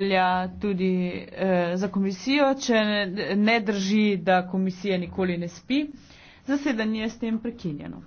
velja tudi eh, za komisijo, če ne, ne drži, da komisija nikoli ne spi. Zasedanje je s tem prekinjeno.